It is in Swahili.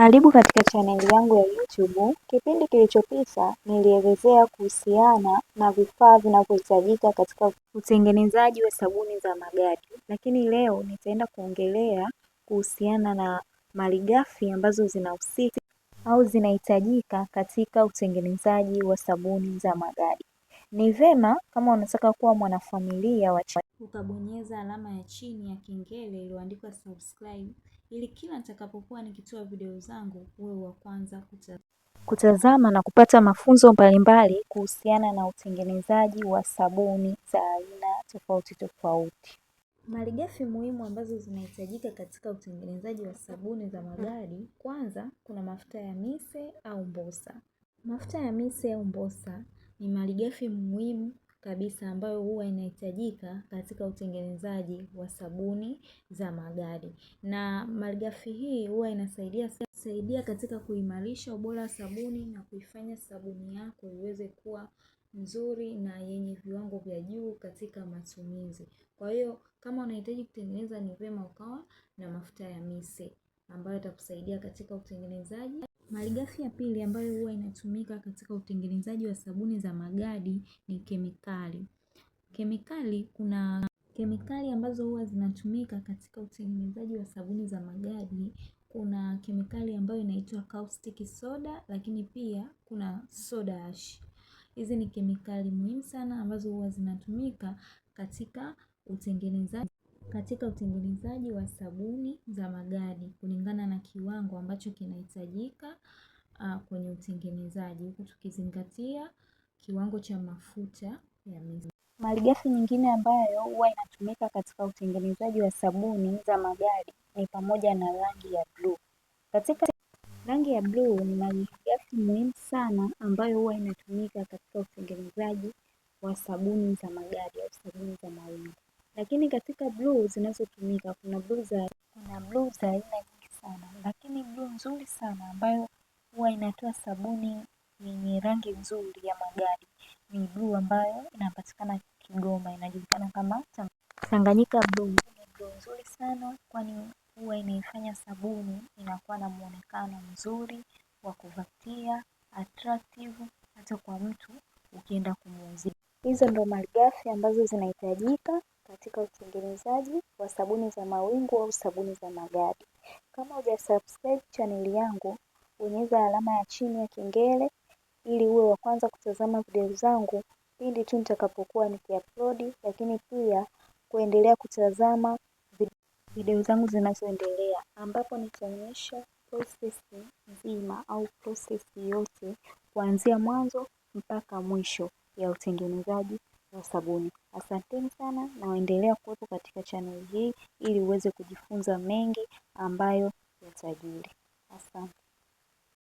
Karibu katika chaneli yangu ya YouTube. Kipindi kilichopita nilielezea kuhusiana na vifaa vinavyohitajika katika utengenezaji wa sabuni za magadi, lakini leo nitaenda kuongelea kuhusiana na malighafi ambazo zinahusika au zinahitajika katika utengenezaji wa sabuni za magadi. Ni vema kama unataka kuwa mwanafamilia wa ukabonyeza alama ya chini ya kengele iliyoandikwa subscribe, ili kila nitakapokuwa nikitoa video zangu uwe wa kwanza kutazama kutazama na kupata mafunzo mbalimbali kuhusiana na utengenezaji wa sabuni za aina tofauti tofauti. Malighafi muhimu ambazo zinahitajika katika utengenezaji wa sabuni za magari, kwanza kuna mafuta ya mise au mbosa. Mafuta ya mise au mbosa ni malighafi muhimu kabisa ambayo huwa inahitajika katika utengenezaji wa sabuni za magari. Na malighafi hii huwa inasaidia saidia katika kuimarisha ubora wa sabuni na kuifanya sabuni yako iweze kuwa nzuri na yenye viwango vya juu katika matumizi. Kwa hiyo, kama unahitaji kutengeneza ni vyema ukawa na mafuta ya mise ambayo itakusaidia katika utengenezaji. Malighafi ya pili ambayo huwa inatumika katika utengenezaji wa sabuni za magadi ni kemikali. Kemikali kuna kemikali ambazo huwa zinatumika katika utengenezaji wa sabuni za magadi. Kuna kemikali ambayo inaitwa caustic soda lakini pia kuna soda ash. Hizi ni kemikali muhimu sana ambazo huwa zinatumika katika utengenezaji katika utengenezaji wa sabuni za magadi kulingana na kiwango ambacho kinahitajika kwenye utengenezaji huku tukizingatia kiwango cha mafuta ya mizizi. Malighafi nyingine ambayo huwa inatumika katika utengenezaji wa sabuni za magadi ni pamoja na rangi ya bluu. Katika rangi ya bluu ni malighafi muhimu sana ambayo huwa inatumika katika utengenezaji wa sabuni za magadi au sabuni za mawingu. Lakini katika bluu zinazotumika kuna bluu za aina nyingi sana, lakini bluu nzuri sana ambayo huwa inatoa sabuni yenye rangi nzuri ya magari ni bluu ambayo inapatikana Kigoma inajulikana kama Tanganyika bluu. Ni bluu nzuri sana kwani huwa inaifanya sabuni inakuwa na muonekano mzuri wa kuvutia attractive hata kwa mtu ukienda kumuuzia. Hizo ndo malighafi ambazo zinahitajika katika utengenezaji wa sabuni za mawingu au sabuni za magadi. Kama hujasubscribe chaneli yangu, bonyeza alama ya chini ya kengele ili uwe wa kwanza kutazama video zangu pindi tu nitakapokuwa nikiupload, lakini pia kuendelea kutazama video zangu zinazoendelea, ambapo nitaonyesha prosesi nzima au prosesi yote kuanzia mwanzo mpaka mwisho ya utengenezaji wa sabuni. Asanteni sana na waendelea kuwepo katika chaneli hii ili uweze kujifunza mengi ambayo yatajiri. Asante.